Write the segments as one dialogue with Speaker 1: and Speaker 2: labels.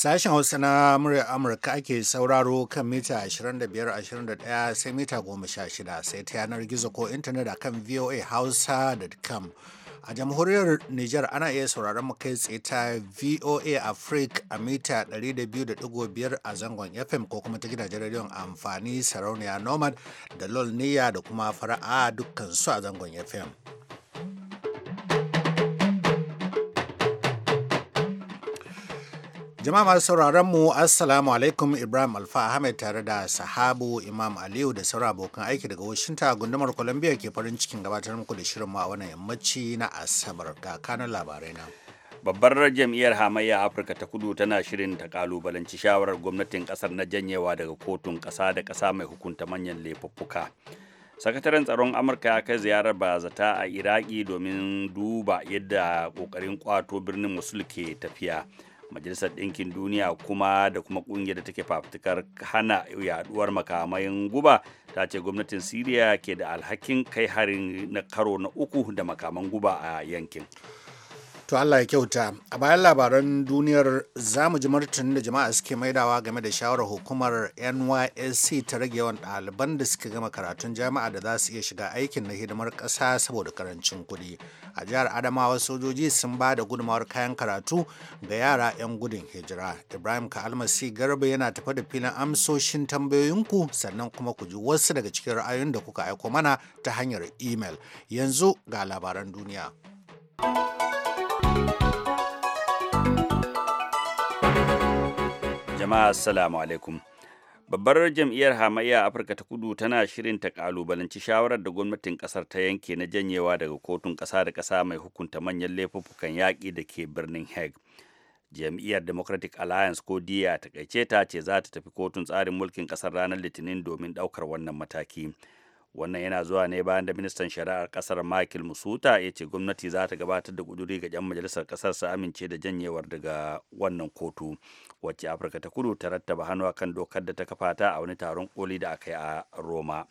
Speaker 1: Sashen Hausa na murya Amurka ake sauraro kan mita 25-21 sai mita 16 sai ta yanar gizo ko intanet a kan voahausa.com. A jamhuriyar Nijar ana iya sauraron mu kai tsaye ta VOA Africa a mita 200.5 a zangon FM ko kuma ta gidajen rediyon amfani sarauniya Nomad da Lol da kuma fara'a dukkan su a zangon FM. Jama'a masu sauraron mu Assalamu alaikum Ibrahim Alfa Ahmed tare da Sahabu Imam Aliyu da sauran abokan aiki daga Washington gundumar Columbia ke farin cikin gabatar muku da shirin ma wannan yammaci na Asabar ga kanun labarai na.
Speaker 2: Babbar jam'iyyar hamayya Afirka ta Kudu tana shirin ta kalubalanci shawarar gwamnatin kasar na janyewa daga kotun kasa da kasa mai hukunta manyan laifuffuka. sakataren tsaron amurka ya kai ziyarar bazata a iraki domin duba yadda kokarin kwato birnin musul ke tafiya majalisar ɗinkin duniya kuma da kuma ƙungiyar da take fafutukar hana yaduwar makamayin guba ta ce gwamnatin siriya ke da alhakin kai harin na karo na uku da makaman guba a yankin
Speaker 1: To Allah ya kyauta. A bayan labaran duniyar zamu ji martanin da jama'a suke maidawa game da shawarar hukumar NYSC ta rage yawan ɗaliban da suke gama karatun jami'a da za su iya shiga aikin na hidimar ƙasa saboda karancin kuɗi. A jihar Adamawa sojoji sun ba da gudumawar kayan karatu ga yara 'yan gudun hijira. Ibrahim Ka'almasi Garba yana tafa da filin amsoshin tambayoyinku sannan kuma ku ji wasu daga cikin ra'ayoyin da kuka aiko mana ta hanyar imel. Yanzu ga labaran duniya.
Speaker 2: jama'a assalamu alaikum babbar jam'iyyar hamayya afirka ta kudu tana shirin ta kalubalanci shawarar da gwamnatin kasar ta yanke na janyewa daga kotun kasa da kasa mai hukunta manyan laifuffukan yaƙi da ke birnin hague jam'iyyar democratic alliance ko diya ta kaice ta ce za ta tafi kotun tsarin mulkin kasar ranar litinin domin ɗaukar wannan mataki wannan yana zuwa ne bayan da ministan shari'ar kasar michael musuta ya ce gwamnati za ta gabatar da kuduri ga 'yan majalisar kasar su amince da janyewar daga wannan kotu wacce afirka ta kudu ta rattaba hannu kan dokar da ta kafa ta a wani taron koli da aka yi a roma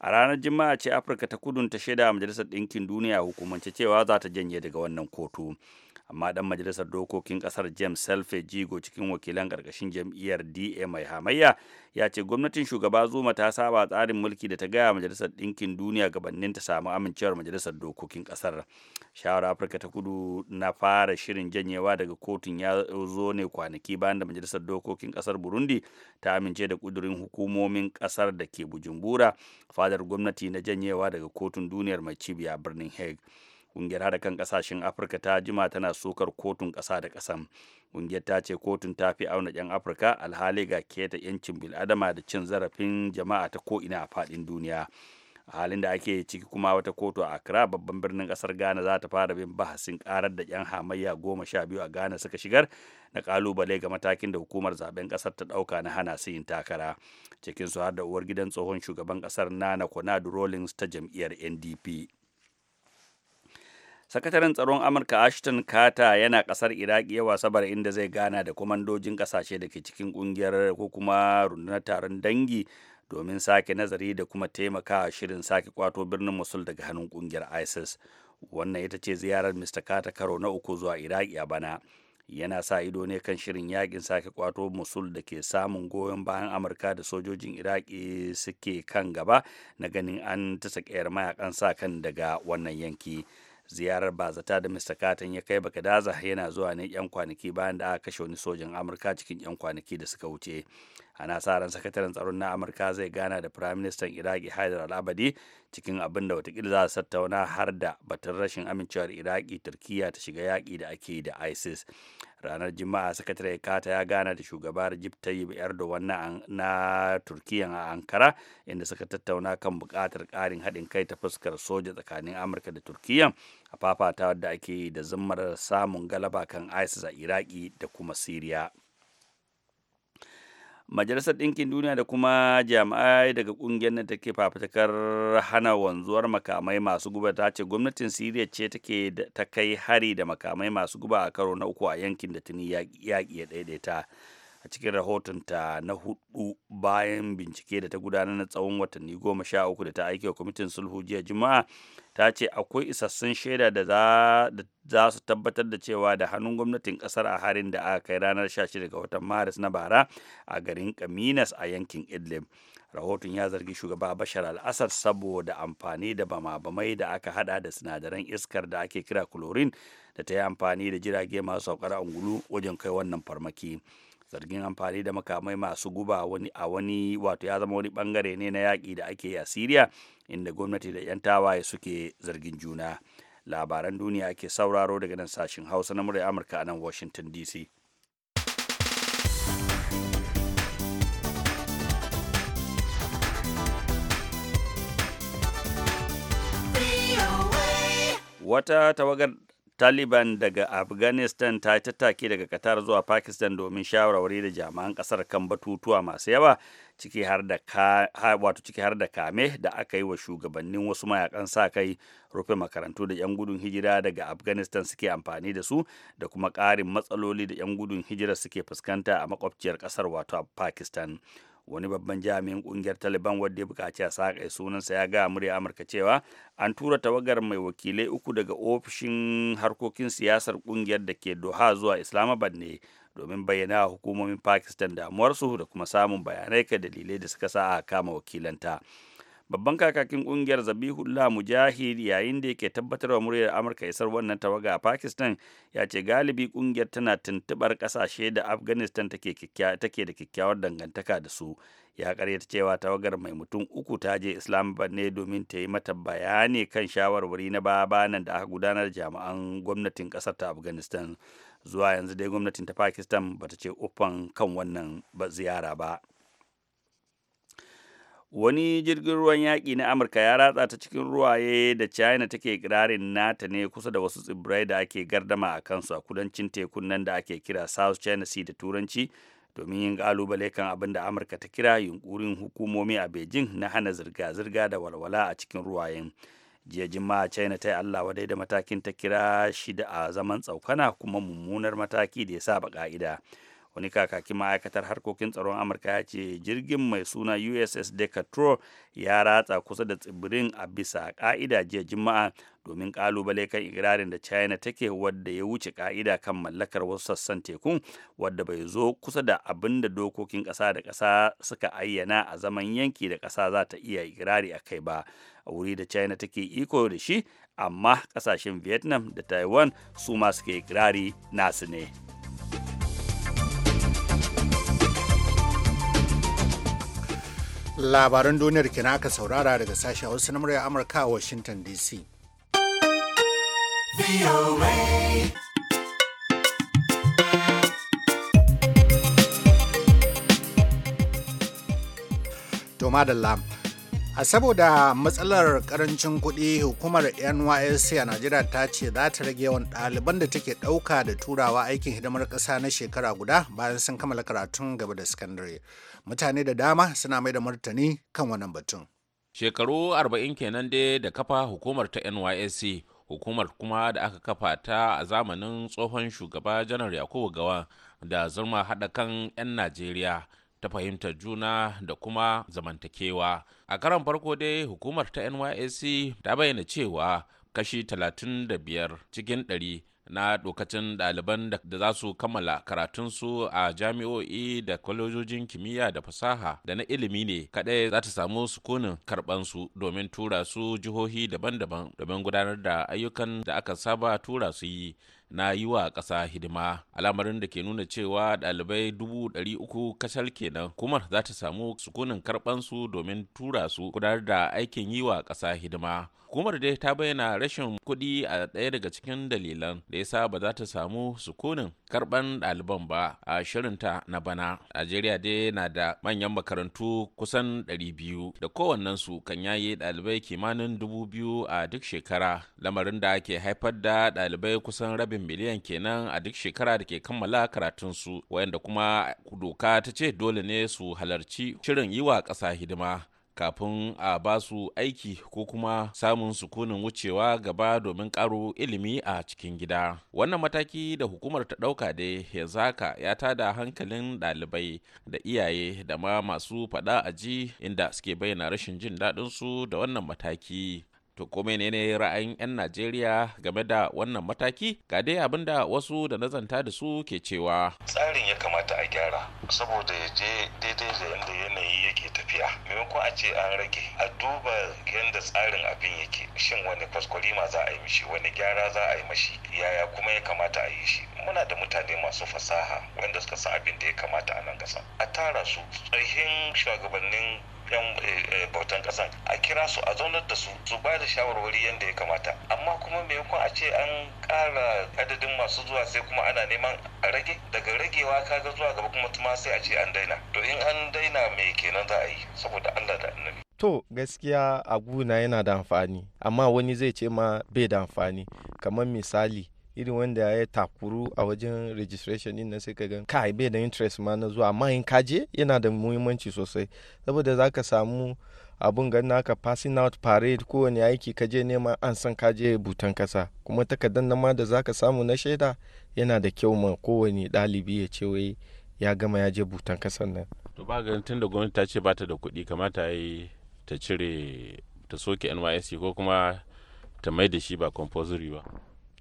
Speaker 2: a ranar juma'a ce afirka ta kudun ta shaida majalisar ɗinkin duniya hukumance cewa za ta janye daga wannan kotu amma dan majalisar dokokin kasar james selfe jigo cikin wakilan karkashin jam'iyyar da mai hamayya ya ce gwamnatin shugaba zuma ta saba tsarin mulki da ta gaya majalisar ɗinkin duniya gabanin ta samu amincewar majalisar dokokin kasar shawarar afirka ta kudu na fara shirin janyewa daga kotun ya zo ne kwanaki bayan da majalisar dokokin kasar burundi ta amince da kudurin hukumomin kasar da ke bujumbura fadar gwamnati na janyewa daga kotun duniyar mai cibiya birnin hague ƙungiyar hada kan ƙasashen afirka ta jima tana sokar kotun ƙasa da ƙasan ƙungiyar ta ce kotun ta fi auna 'yan afirka alhali ga keta 'yancin bil'adama da cin zarafin jama'a ta ko'ina a fadin duniya a halin da ake ciki kuma wata kotu a Accra babban birnin kasar Ghana za ta fara bin bahasin karar da 'yan hamayya goma sha biyu a Ghana suka shigar na kalubale ga matakin da hukumar zaben kasar ta dauka na hana su yin takara cikin su har da uwar gidan tsohon shugaban kasar Nana Konadu Rawlings ta jam'iyyar NDP sakataren tsaron amurka ashton carter yana kasar iraki yawa sabar inda zai gana da kwamandojin kasashe da ke cikin kungiyar ko kuma rundunar taron dangi domin sake nazari da kuma taimaka shirin sake kwato birnin musul daga hannun kungiyar isis wannan ita ce ziyarar mr carter karo na uku zuwa iraki a bana yana sa ido ne kan shirin yakin sake kwato musul da ke samun goyon bayan amurka da sojojin iraki suke kan gaba na ganin an ta sa mayakan sa kan daga wannan yanki ziyarar bazata da mr katon ya kai Bakadaza yana zuwa ne yan kwanaki bayan da aka kashe wani sojan amurka cikin yan kwanaki da suka wuce ana sa ran sakataren tsaron na amurka zai gana da firaministan iraki haidar al'abadi cikin abin da watakila za su tattauna har da batun rashin amincewar iraki turkiya ta shiga yaƙi da ake da isis ranar juma'a sakatare kata ya gana da shugaba rajib tayyib erdogan na, na turkiya a ankara inda suka tattauna kan buƙatar ƙarin haɗin kai ta fuskar soja tsakanin amurka da turkiya a fafatawar da ake da zammar samun galaba kan isis a iraki da kuma siriya majalisar ɗinkin duniya da kuma jami'ai daga ƙungiyar da take fafutukar hana wanzuwar makamai masu guba ta ce gwamnatin siriya ce take ta kai hari da makamai masu guba a karo na uku a yankin da tuni yaƙi ya daidaita. a cikin rahoton ta na hudu bayan bincike da ta gudanar na tsawon watanni goma sha uku da ta aike wa kwamitin sulhu jiya juma'a ta ce akwai isassun shaida da za su tabbatar da cewa da hannun gwamnatin kasar a harin da aka kai ranar 16 ga watan maris na bara a garin kaminas a yankin idlib rahoton ya zargi shugaba bashar al saboda amfani da bama-bamai da aka hada da sinadaran iskar da ake kira chlorine da ta yi amfani da jirage masu saukar angulu wajen kai wannan farmaki zargin amfani da makamai masu guba a wani wato ya zama wani bangare ne na yaƙi da ake yi a siriya inda gwamnati da 'yan tawaye suke zargin juna labaran duniya ake sauraro daga nan sashen hausa na murya amurka a nan washington dc wata tawagar Taliban daga Afghanistan ta tattaki daga Qatar zuwa Pakistan domin shawarwari da jami'an kasar kan batutuwa masu yawa ciki har da wato ciki har da kame da aka yi wa shugabannin wasu mayakan sa kai rufe makarantu da 'yan gudun hijira daga Afghanistan suke amfani da su da kuma ƙarin matsaloli da 'yan gudun hijira suke fuskanta a makwabciyar kasar wato Pakistan. wani babban jami'in kungiyar taliban wadda ya bukaci a saƙa sunansa ya gaya murya amurka cewa an tura tawagar mai wakilai uku daga ofishin harkokin siyasar kungiyar da ke doha zuwa islamabad ne domin bayyana hukumomin pakistan damuwarsu da kuma samun bayanai ka dalilai da suka sa a kama wakilanta babban kakakin kungiyar zabihullah mujahid yayin da yake tabbatarwa muryar amurka isar wannan tawaga a pakistan ya ce galibi kungiyar tana tuntubar kasashe da afghanistan take da kyakkyawar dangantaka da su ya karyata cewa tawagar mai mutum uku ta je islamabad ne domin ta yi mata bayani kan shawarwari na ba banan da aka gudanar jami'an gwamnatin kasar ta afghanistan zuwa yanzu dai gwamnatin ta pakistan bata ce uffan kan wannan ziyara ba. wani jirgin ruwan yaƙi na amurka ya ratsa ta cikin ruwaye da china take kirarin nata ne kusa da wasu tsibirai da ake gardama a kansu a kudancin tekun nan da ake kira south china sea da turanci domin yin kalubale kan abin da amurka ta kira yunkurin hukumomi a beijing na hana zirga-zirga da walwala a cikin ruwayen jiya jima'a china ta yi allah wadai da matakin ta kira shi da a zaman tsaukana kuma mummunar mataki da ya saba ka'ida. wani kakakin ma'aikatar harkokin tsaron amurka ya ce jirgin mai suna uss decatur ya ratsa kusa da tsibirin a bisa ka'ida jiya juma'a domin kalubale kan igirarin da china take wadda ya wuce ka'ida kan mallakar wasu sassan tekun wadda bai zo kusa da abin da dokokin ƙasa da ƙasa suka ayyana a zaman yanki da ƙasa za ta iya igirari a kai ba a wuri da china take iko da shi amma ƙasashen vietnam da taiwan su ma suke igirari nasu ne.
Speaker 1: labaran duniyar kina aka saurara daga sashen hausa na murya amurka a washington dc to madalla a saboda matsalar karancin kuɗi hukumar nysc a najeriya ta ce za ta rage yawan ɗaliban da take ɗauka da turawa aikin hidimar ƙasa na shekara guda bayan sun kammala karatun gaba da sakandare mutane da dama suna mai da martani kan wannan batun
Speaker 3: shekaru 40 kenan dai da kafa hukumar ta nysc hukumar kuma da aka kafa ta a zamanin tsohon shugaba janar yakubu gawa da zurma haɗa kan 'yan najeriya ta fahimtar juna da kuma zamantakewa a karan farko dai hukumar ta nysc ta bayyana cewa kashi 35 cikin 100 na dokacin ɗaliban da za su kammala karatunsu a jami'o'i da kwalejojin kimiyya da fasaha da na ilimi ne kaɗai za ta samu sukunin karɓansu domin tura su jihohi daban-daban domin gudanar da ayyukan da aka saba tura su yi na yi wa ƙasa hidima al'amarin da ke nuna cewa ɗalibai dubu ɗari uku kasar kenan kuma za ta samu sukunin karɓansu domin tura su kudar da aikin yi wa ƙasa hidima Hukumar dai ta bayyana rashin kuɗi a ɗaya daga cikin dalilan da yasa ba za ta samu sukunin karɓan ɗaliban ba a shirinta na bana. Najeriya dai na da manyan makarantu kusan 200 da kowannensu kan yayi ɗalibai kimanin 2000 a duk shekara lamarin da ke haifar da ɗalibai kusan rabin miliyan kenan a duk shekara da ke kammala karatunsu wayanda kuma doka ta ce dole ne su halarci shirin yi wa ƙasa hidima kafin a ba su aiki ko kuma samun sukunin wucewa gaba domin karo ilimi a cikin gida wannan mataki da hukumar ta ɗauka da ya zaka ya tada hankalin ɗalibai da iyaye da ma masu faɗa a ji inda suke bayyana rashin jin daɗinsu da wannan mataki To ko menene ra'ayin 'yan Najeriya game da wannan mataki? Ga dai abin da wasu da nazanta da su ke cewa.
Speaker 2: Tsarin ya kamata a gyara saboda ya je daidai da yadda yanayi yake tafiya. Maimakon a ce an rage a duba yadda tsarin abin yake
Speaker 3: shin wani ma za a yi mishi wani gyara za a yi mashi yaya kuma ya kamata a yi shi. Muna da mutane masu fasaha wanda suka san abin da ya kamata a nan gasa. A tara su tsahin shugabannin yan eh, eh, bautan kasan a kira su a zaunar da su su ba da shawarwari yadda ya kamata amma kuma maimakon a ce an kara adadin masu zuwa sai kuma ana neman a rage daga ragewa kaga zuwa gaba kuma tuma sai a ce an daina to in an daina
Speaker 2: me kenan za a yi saboda Allah da annabi
Speaker 3: to gaskiya a guna yana da amfani amma wani zai ce ma bai da amfani kamar misali irin wanda ya takuru a wajen registration din na sai ka gan kai bai da interest ma na zuwa amma in kaje yana da muhimmanci sosai saboda zaka samu abun gan naka passing out parade ko wani aiki kaje nema an san kaje butan kasa kuma takardar nan ma da zaka samu na shaida yana da kyau ma kowane dalibi ya ce wai ya gama ya je butan kasan nan to ba ganin tun gwamnati ta ce ba ta da kuɗi kamata yi ta cire ta soke nysc ko kuma ta mai da shi ba compulsory ba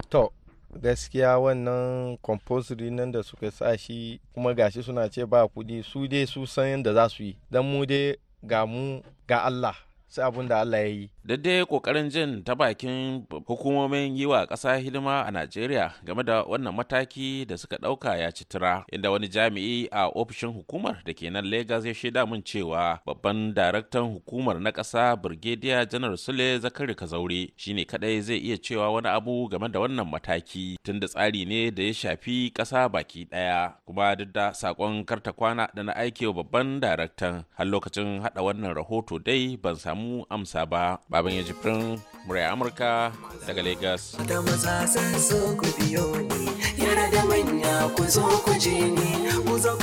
Speaker 3: to gaskiya wannan compulsory nan da suka sa shi kuma gashi suna ce ba kudi su dai su san yadda za su yi don mu dai ga mu ga Allah sai abun da Allah ya yi daidai kokarin jin ta bakin hukumomin yi wa ƙasa hidima a najeriya game da wannan mataki da suka ɗauka ya ci tura inda wani jami'i a ofishin hukumar da ke nan Legas ya shaida min cewa babban daraktan hukumar na ƙasa birgediya janar sule zakari kazaure shine kadai zai iya cewa wani abu game da wannan mataki tunda tsari ne da ya shafi ƙasa baki ɗaya kuma duk da saƙon karta kwana da na aike babban daraktan har lokacin haɗa wannan rahoto dai ban samu amsa ba baban ya jibrin murya amurka daga lagos
Speaker 4: da maza sun ku biyo ni yara da manya ku zo ku je ni ku zo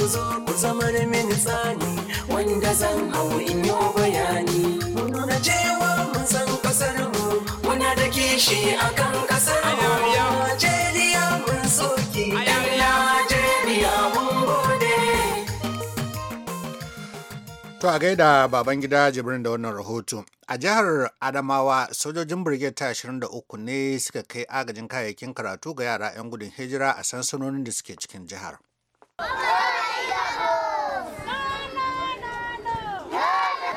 Speaker 4: ku zama da mini tsani wanda zan hau in yi bayani mun nuna cewa mun san kasar
Speaker 3: da kishi akan kasar mu Najeriya mun soki
Speaker 2: Najeriya mun gode
Speaker 1: To a gaida Babangida gida Jibrin da wannan rahoto. A jihar Adamawa, sojojin ta 23 ne suka kai agajin kayayyakin karatu ga yara 'yan gudun hijira a sansanonin da suke cikin jihar.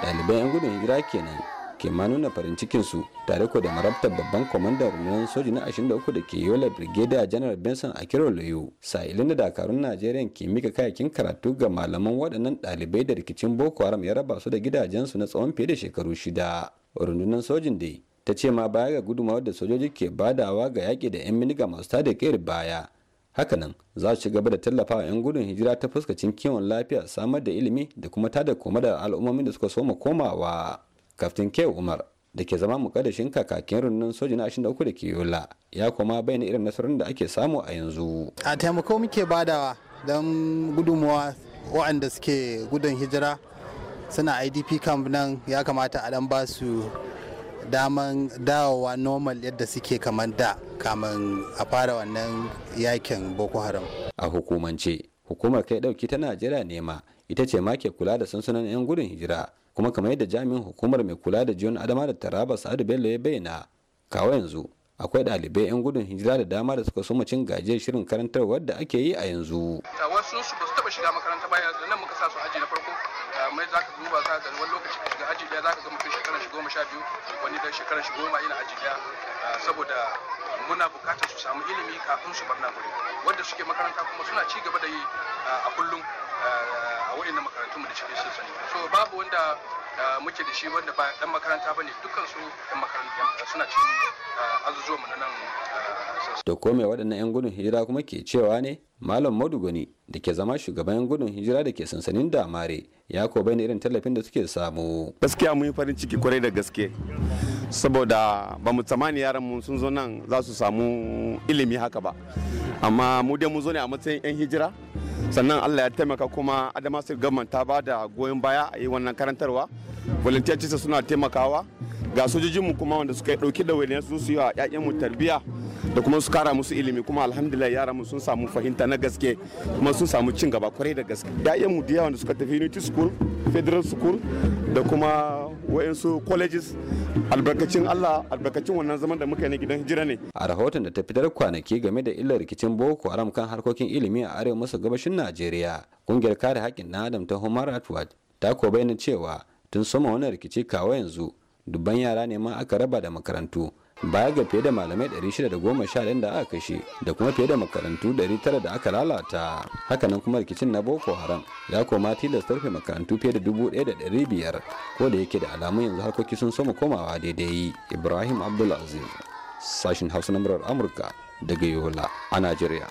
Speaker 5: Ɗaliban 'yan gudun hijira kenan ke ma nuna farin cikin su tare da marabtar babban kwamandan rundunar soji na 23 da ke yola brigadier general benson akiro loyo sa'ilin da dakarun najeriya ke mika kayakin karatu ga malaman waɗannan ɗalibai da rikicin boko haram ya raba su da gidajensu na tsawon fiye da shekaru shida rundunar sojin dai ta ce ma baya ga gudunmawar da sojoji ke badawa ga yaƙi da 'yan miniga masu tada kayar baya hakanan za su ci gaba da tallafawa 'yan gudun hijira ta fuskacin kiwon lafiya samar da ilimi da kuma tada koma da al'ummomin da suka soma komawa kaftin ke umar da ke zama mukaddashin kakakin rundunar soja na 23 da ke yola ya kuma bayyana irin nasarar da ake samu a yanzu a taimako muke badawa don gudunmuwa waɗanda suke gudun hijira
Speaker 1: suna idp camp nan ya kamata a dan basu su daman dawowa normal yadda suke kamar da kamar a fara wannan yakin boko
Speaker 5: haram a hukumance hukumar kai dauki ta najeriya nema ita ce ma ke kula da sansunan 'yan gudun hijira kuma kamar yadda jami'in hukumar mai kula da jiyon adama da taraba sa'adu bello ya bayyana kawo yanzu akwai ɗalibai 'yan gudun hijira da dama da suka soma cin gajiyar shirin karantar wadda ake yi a yanzu.
Speaker 2: wasu su ba su taɓa shiga makaranta ba yanzu nan muka sa su aji na farko mai za ka duba za ka wani lokaci ka shiga aji ɗaya za ka ga mutum shekaran shi goma sha biyu wani da shekaran shi goma yana aji ɗaya saboda muna buƙatar su samu ilimi kafin su barna guri wadda suke makaranta kuma suna ci gaba da yi a kullum a wurin na makarantunmu da cikin sun so babu wanda da muke da shi wanda ba dan makaranta bane dukkan su dan makaranta eh, suna cikin eh, azuzuwa mu
Speaker 5: nan da eh, kome waɗannan 'yan gudun hijira kuma ke cewa ne malam madugani da ke zama shugaban 'yan gudun hijira da ke sansanin damare ya ko ni irin tallafin da suke samu gaskiya mun yi farin ciki kwarai da gaske saboda ba mu tsammani yaran mu sun zo nan za su samu ilimi haka ba amma mu dai mun zo ne a matsayin 'yan hijira sannan allah ya taimaka kuma adama state ta ba da goyon baya a yi wannan karantarwa volunteer suna taimakawa ga sojojinmu kuma wanda suka ɗauki wani su su yi wa 'ya'yanmu tarbiyya da kuma su kara musu ilimi kuma alhamdulillah yara mu sun samu fahimta na gaske kuma sun samu cin gaba kwarai da gaske ya'yan mu da wanda suka tafi unity school federal school da kuma wa'insu colleges albarkacin Allah albarkacin wannan zaman da muka yi na gidan hijira ne a rahoton da ta fitar kwanaki game da illar rikicin Boko Haram kan harkokin ilimi a arewa maso gabashin Najeriya kungiyar kare haƙƙin Adam ta Human Rights ta ko bayyana cewa tun sama wani rikici kawo yanzu dubban yara ne ma aka raba da makarantu baya ga fiye da malamai 611 da aka kashe da kuma fiye da makarantu 900 da aka lalata hakanan kuma rikicin na boko haram ya koma tilas tarfe makarantu fiye da 1500 ko da yake da alamun yanzu harkoki sun soma komawa daidai ibrahim abdulaziz sashen hausa na murar amurka daga yola a najeriya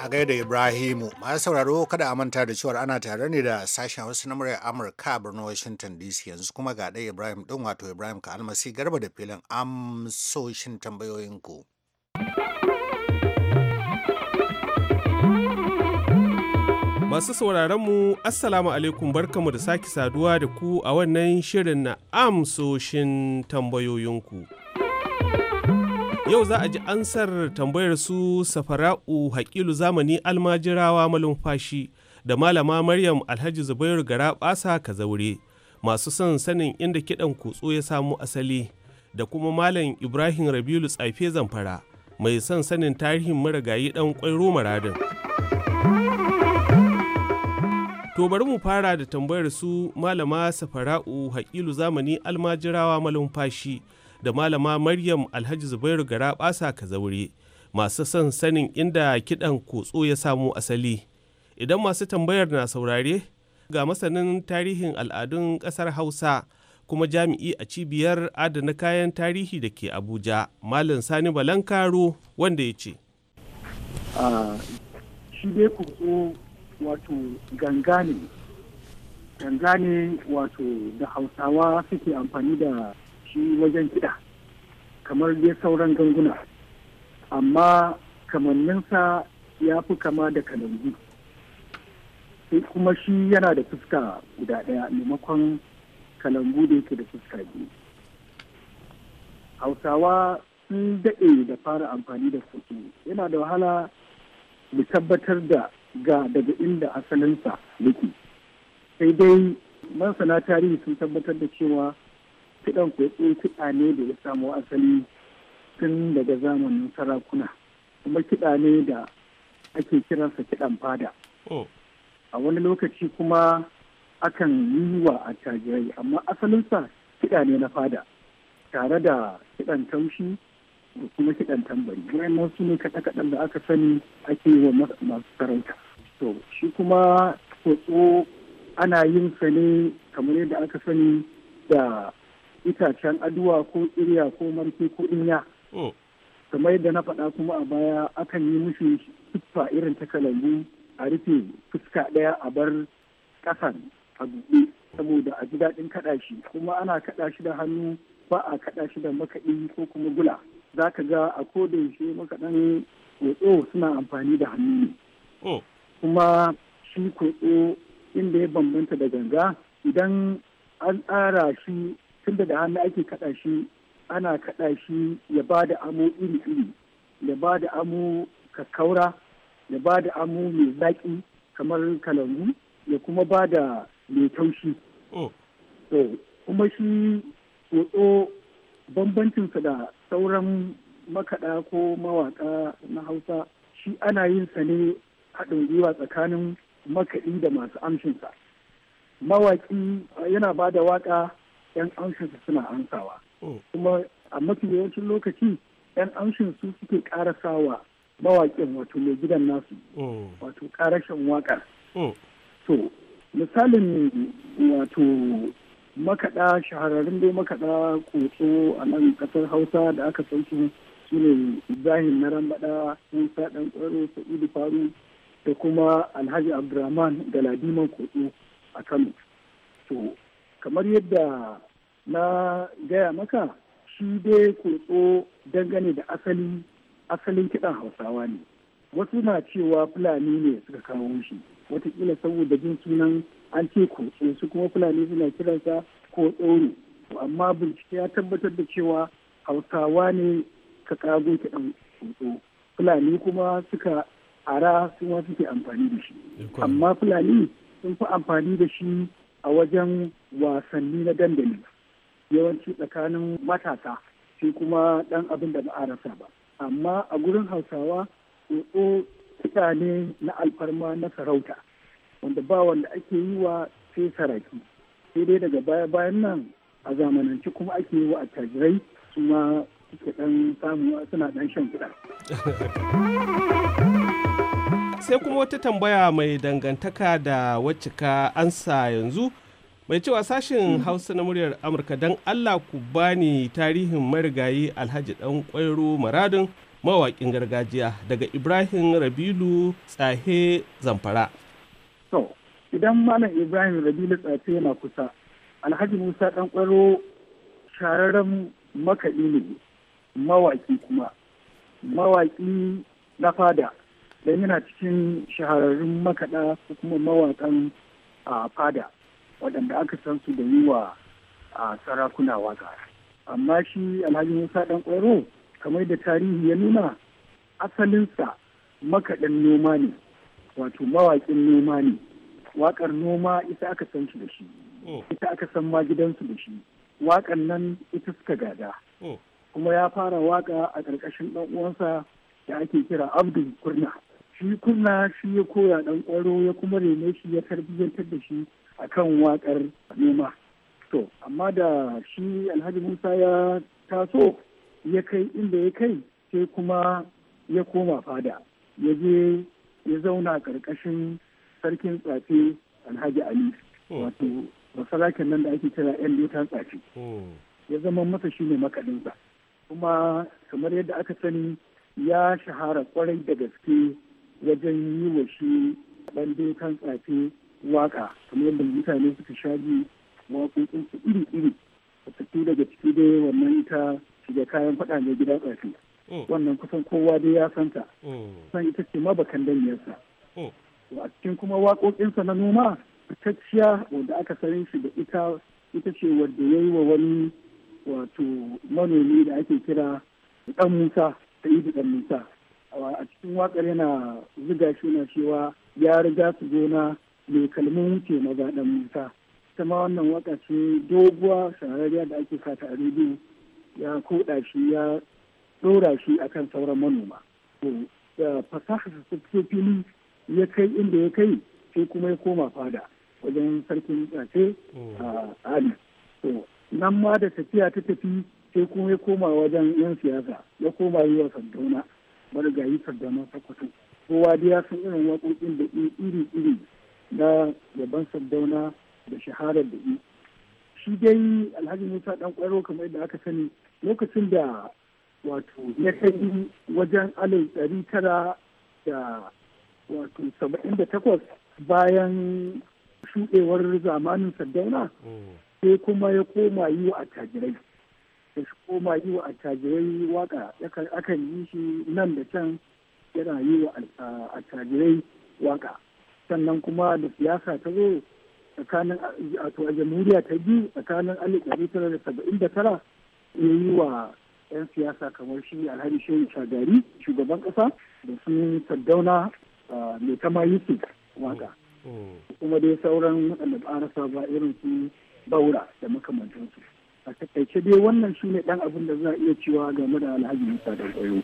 Speaker 1: A gaida Ibrahimu, masu sauraro kada a manta da cewar ana tare ne da sashen wasu na murya Amurka a birnin Washington DC yanzu kuma ga ɗaya Ibrahim ɗin wato Ibrahim ka almasi garba da filin amsoshin tambayoyinku. Masu sauraron
Speaker 4: mu Assalamu alaikum barkamu da sake saduwa da ku a wannan shirin na amsoshin tambayoyinku. Yau za a ji ansar tambayar su Safara'u Hakilu Zamani Almajirawa Malumfashi da Malama Maryam Alhaji Zubairu Gara Ɓasa Kazaure masu son sanin inda kiɗan kutso ya samu asali da kuma Malam Ibrahim Rabilu Tsaife Zamfara mai son sanin tarihin marigayi ɗan ƙwairo maradin. To bari mu fara da tambayar su Malama Safara'u Hakilu Zamani Almajirawa Malumfashi. da malama Maryam Alhaji Zubairu Gara Basa zaure masu son sanin inda kiɗan kotso ya samo asali. Idan masu tambayar na saurare ga masanin tarihin al'adun ƙasar Hausa kuma jami'i a cibiyar adana kayan tarihi da ke Abuja, Malam Sani Balankaro wanda ya ce.
Speaker 6: wato ganga ne wato da Hausawa suke amfani da shi wajen kiɗa kamar dai sauran ganguna amma kamanninsa ya fi kama da kanangu sai kuma shi yana da fuska guda ɗaya maimakon kalangu da yake da fuska biyu hausawa sun daɗe da fara amfani da kuɗi yana da wahala mu tabbatar da ga daga inda asalinsa yake sai dai masana tarihi sun tabbatar da cewa kiɗan kwaikwayo kiɗa ne da ya samo asali tun daga zamanin sarakuna kuma kiɗa ne da ake kiransa kiɗan fada oh. a wani lokaci kuma akan yi wa attajirai amma asalinsa kiɗa ne na fada tare da kiɗan taushi da kuma kiɗan tambari wani su ne kaɗan-kaɗan da aka sani ake yi wa masu sarauta to shi kuma kotso ana yin sa ne kamar yadda aka sani da itacen aduwa ko tsiriya ko marke ko inya oh. kamar yadda na faɗa kuma a baya akan yi musu siffa irin ta kalambu a rufe fuska ɗaya a bar ƙasan a buɗe saboda a ji daɗin kaɗa shi kuma ana kaɗa shi da hannu ba a kaɗa shi da makaɗi ko kuma gula za ka ga a ko da yaushe makaɗan kotso suna amfani da hannu ne oh. kuma shi kotso inda ya bambanta da ganga idan an tsara shi tun daga hannu ake kaɗa shi ana kaɗa shi ya ba da amo iri-iri ya ba da amo kakkaura ya ba da amo mai zaƙi kamar kalangu ya kuma ba da mai taushi oh. kuma shi tsotso bambancinsa da sauran makaɗa ko mawaƙa na hausa shi ana yin sa ne haɗin gwiwa tsakanin makaɗi da masu amshinsa mawaƙi yana ba da waƙa 'yan amshinsu suna ansawa oh. kuma a mafi yawancin lokaci 'yan amshin su suke karasawa mawaƙin wato mai gidan nasu oh. wato karashin waƙar to oh. misalin wato makaɗa shahararrun dai makaɗa kotso a nan ƙasar hausa da aka san su shine zahin na rambaɗa musa ɗan ƙwaro sa'idu faru da kuma alhaji abdurrahman da ladiman kotso a kano to kamar yadda na gaya maka shi dai kotso dangane da asali asalin kiɗan hausawa ne wasu na cewa fulani ne suka kawo shi watakila saboda jin sunan an ce kotso su kuma fulani suna kiransa ko tsoro amma bincike ya tabbatar da cewa hausawa ne ka kago kiɗan kotso fulani kuma suka ara suma suke amfani da shi amma fulani sun fi amfani da shi a wajen wasanni na dandali yawanci tsakanin matasa shi kuma ɗan abin da ba a rasa ba amma a gurin hausawa tsotso kiɗa na alfarma na sarauta wanda ba wanda ake yi wa sai saraki sai dai daga baya bayan nan a zamanance kuma ake yi wa attajirai su ma suke ɗan samuwa suna ɗan shan kiɗa.
Speaker 4: sai kuma wata tambaya mai dangantaka da wacce ka ansa yanzu mai cewa sashen mm. hausa na muryar amurka don allah ku bani tarihin marigayi alhaji dan kwairo maradin mawaƙin gargajiya daga ibrahim rabilu tsahe zamfara
Speaker 6: idan malam ibrahim rabilu tsafe yana kusa alhaji musa dan kwairo shararren makaɗi ne mawaƙi kuma mawaƙi na fada don yana cikin shahararrun makaɗa ko kuma mawaƙan fada waɗanda aka san su da yi wa sarakuna waka amma shi alhaji musa ɗan ƙwaro kamar da tarihi ya nuna asalinsa makaɗan noma ne wato mawaƙin noma ne waƙar noma ita aka san su da shi oh. ita aka san ma gidansu da shi Waƙar nan ita suka gada oh. kuma ya fara waƙa a ƙarƙashin ɗan uwansa da ake kira abdul kurna shi kunna shi ya koya dan kwaro ya kuma rene shi ya tarbiyyantar da shi a kan wakar noma to amma da shi alhaji musa ya taso ya kai inda ya kai sai kuma ya koma fada ya je ya zauna karkashin sarkin tsafe alhaji ali oh. wato basarakin nan da ake kira yan lutan tsafe oh. ya zama masa shi ne makadinsa kuma kamar yadda aka sani ya shahara kwarai da gaske wajen yi wa shi ɗan dokan tsafe waka kamar yadda mutane suka sha waƙoƙinsu waƙoƙin su iri-iri a daga ciki dai wannan ta shiga kayan faɗa mai gida tsafi mm. wannan kusan kowa dai ya santa san mm. ita ce mabakan bakan mm. a cikin kuma waƙoƙinsa na noma fitacciya wanda aka sanin shi da ita ita ce wadda ya yi wa wani wato manomi da ake kira ɗan musa ta yi ɗan musa a cikin wakar yana ziga shi na cewa ya riga su gona mai kalmin wuce maza dan musa Ta ma wannan waka ce doguwa shahararriya da ake sata a rediyo ya koda shi ya ɗora shi akan sauran manoma Da fasaha su fili ya kai inda ya kai sai kuma ya koma fada wajen sarkin tsace mm. a ali to nan ma da tafiya ta tafi sai kuma ya koma wajen yan siyasa ya koma yi wa sandauna marigayi saddama sakwato kowa dai ya san irin waƙoƙin da iri iri na yaban sardauna da shaharar da shi dai alhaji musa dan kwaro kamar da aka sani lokacin da wato ya kai wajen alai ɗari tara da wato saba'in da takwas bayan shuɗewar zamanin sardauna mm. sai kuma ya koma yi wa attajirai da koma yi wa attajirai waka akan yi shi nan da can yana yi wa attajirai waka sannan kuma da siyasa ta zo tsakanin a jamhuriya ta biyu tsakanin alif ɗari tara da saba'in da tara ya yi wa 'yan siyasa kamar shi alhari shehu shagari shugaban ƙasa da su saddauna mai kama yusuf waka mm. mm. kuma dai sauran waɗanda ba ba irin su baura da makamantansu a takaice dai wannan shine dan abin da za a iya cewa game da alhaji musa da kwayo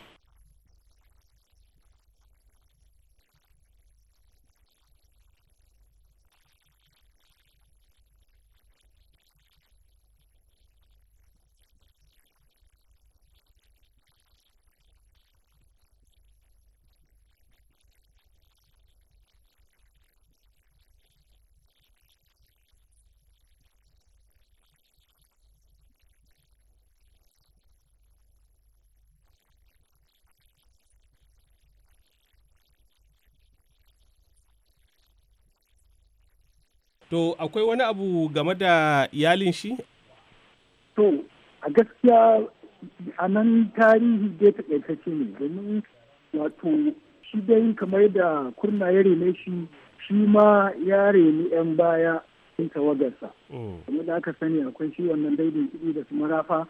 Speaker 4: To akwai wani abu game da iyalin shi?
Speaker 6: To a gaskiya a nan tarihi dai takaitacce ne domin wato shi dai kamar da kurna ya rene shi shi ma ya reni 'yan baya ta tawagarsa. Mm. Kamar da aka sani akwai shi wannan daidai kuɗi da su marafa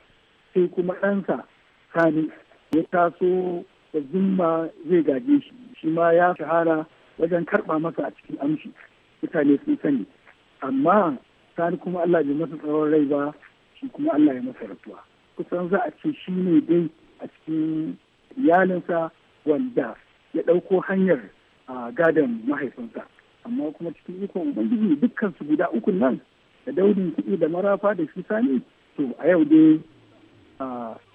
Speaker 6: sai kuma ɗansa sani ya taso da zimma zai gaje shi shi ma ya shahara wajen karɓa masa a cikin amshi mutane sun sani amma sani kuma Allah bai masa tsawon rai ba shi kuma Allah ya masa rasuwa kusan za a ce shi ne dai a cikin iyalinsa wanda ya ɗauko hanyar a gadon mahaifinsa amma kuma cikin ikon ubangiji dukkan su guda uku nan da daudin kuɗi da marafa da shi sani to a yau dai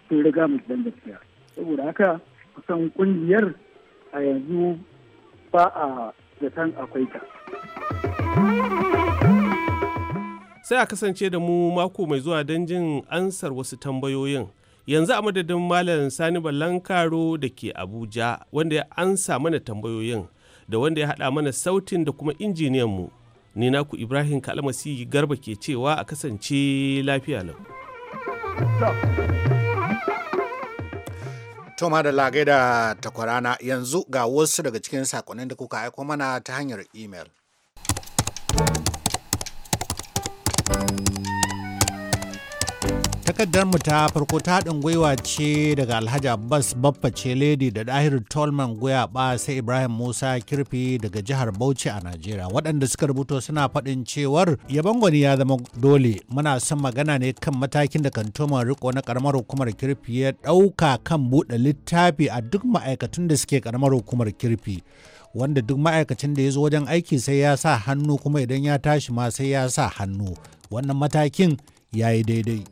Speaker 6: sun riga mu dan gaskiya saboda haka kusan kungiyar a yanzu ba a zaton akwai ta.
Speaker 4: sai a kasance da mu mako mai zuwa don jin ansar wasu tambayoyin yanzu a madadin malam sani karo da ke abuja wanda ya ansa mana tambayoyin da wanda ya hada mana sautin da kuma injiniyan mu ni naku ibrahim kalmasi garba ke cewa a kasance lafiya lau
Speaker 1: Toma da lagai da takwarana yanzu ga wasu daga cikin sakonnin da kuka aiko mana ta hanyar imel. Takardar mu ta farko ta haɗin gwiwa ce daga Alhaji Abbas Baffa ce Ledi da Dahir Tolman ba sai Ibrahim Musa Kirfi daga jihar Bauchi a Najeriya. Waɗanda suka rubuto suna faɗin cewar yaban gwani ya zama dole muna son magana ne kan matakin da kantoman riko na karamar hukumar Kirfi ya ɗauka kan buɗe littafi a duk ma'aikatun da suke karamar hukumar Kirfi. Wanda duk ma'aikacin da ya zo wajen aiki sai ya sa hannu kuma idan ya tashi ma sai ya sa hannu. Wannan matakin ya yi daidai.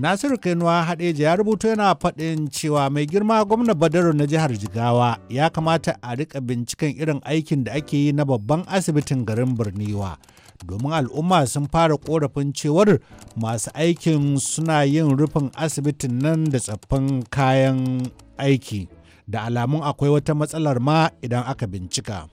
Speaker 1: Nasiru Kainuwa Hadeja ya rubuto yana faɗin cewa mai girma gwamna Badaru na jihar Jigawa ya kamata a riƙa binciken irin aikin da ake yi na babban asibitin garin Birniwa. Domin al'umma sun fara korafin cewar masu aikin suna yin rufin asibitin nan da tsaffin kayan aiki. Da alamun akwai wata matsalar ma idan aka bincika.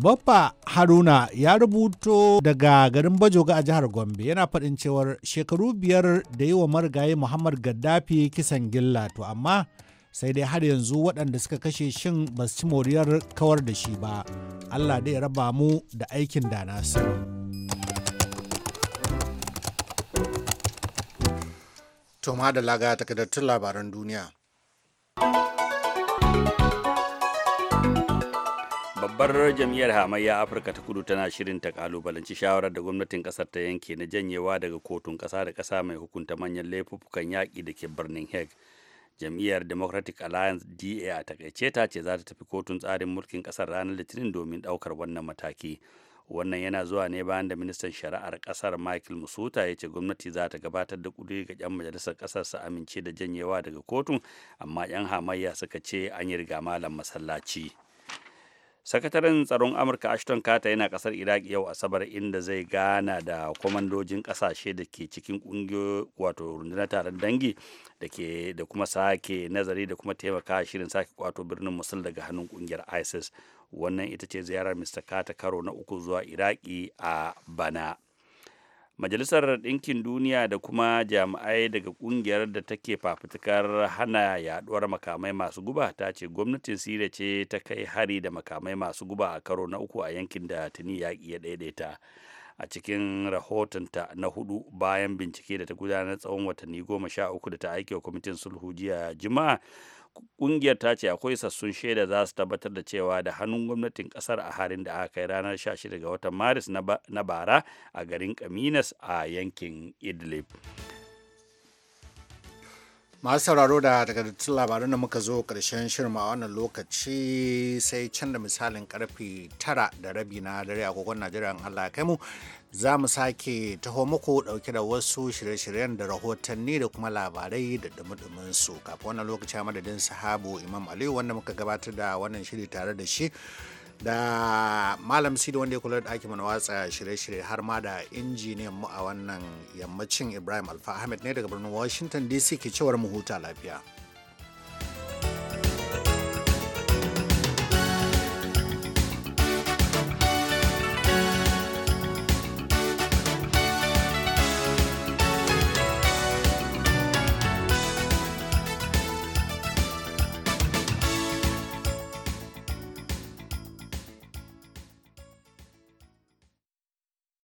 Speaker 1: Baffa Haruna ya rubuto daga garin Bajoga a jihar Gombe yana faɗin cewar shekaru biyar da yi wa marigayi Muhammad Gaddafi kisan gilla to amma sai dai har yanzu waɗanda suka kashe shin ba ci moriyar kawar da shi ba. Allah dai raba mu da aikin da na To ma da laga takardattun labaran duniya.
Speaker 2: babbar jam'iyyar hamayya afirka ta kudu tana shirin ta kalubalanci shawarar da gwamnatin kasar ta yanke na janyewa daga kotun kasa da kasa mai hukunta manyan laifuffukan yaƙi da ke birnin hague jam'iyyar democratic alliance da a takaice ta ce za ta tafi kotun tsarin mulkin kasar ranar litinin domin ɗaukar wannan mataki wannan yana zuwa ne bayan da ministan shari'ar kasar michael musuta ya ce gwamnati za ta gabatar da kudi ga 'yan majalisar kasar su amince da janyewa daga kotun amma 'yan hamayya suka ce an yi riga malam masallaci sakataren tsaron amurka ashton kata yana kasar iraq yau asabar inda zai gana da kwamandojin kasashe da ke cikin kungiyoyi wato rundunar taron dangi da ke da kuma sake nazari da kuma taimaka shirin sake kwato birnin musul daga hannun kungiyar isis wannan ita ce ziyarar mr kata karo na uku zuwa iraki a bana majalisar ɗinkin duniya da kuma jami'ai daga ƙungiyar da take fafutukar hana yaduwar makamai masu guba ta ce gwamnatin siriya ce ta kai hari da makamai masu guba a karo na uku a yankin da tuni ya ya daidaita a cikin rahotonta na hudu bayan bincike da ta gudanar tsawon watanni goma sha uku da ta aike wa kwamitin sulhu jiya juma'a kungiyar ta ce akwai sassun shaida za su tabbatar da cewa da hannun gwamnatin kasar a harin da aka kai ranar 16 ga watan maris na bara a garin kaminas a yankin idlib
Speaker 1: masu sauraro da takardattun labarun da muka zo karshen shirin a wannan lokaci sai can da misalin karfe tara da rabi na dare agogon najeriya allah kai mu za mu sake taho muku dauke da wasu shirye-shiryen da rahotanni da kuma labarai da dumudumin su kafin wannan lokaci a madadin sahabu imam aliyu wanda muka gabatar da wannan shiri tare da shi da malam sidi wanda ya kula da ɗakin mana watsa shirye-shirye har ma da injiniyan mu a wannan yammacin ibrahim alfa ahmed ne daga birnin washington dc ke cewar mu huta lafiya